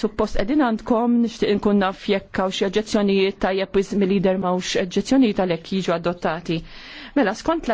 suppost edin għandkom nishtiq nkun naf jekk hawn xi oġġezzjonijiet tajjeb mill-lider m'hawnx oġġezzjonijiet għalhekk jiġu adottati. Mela skont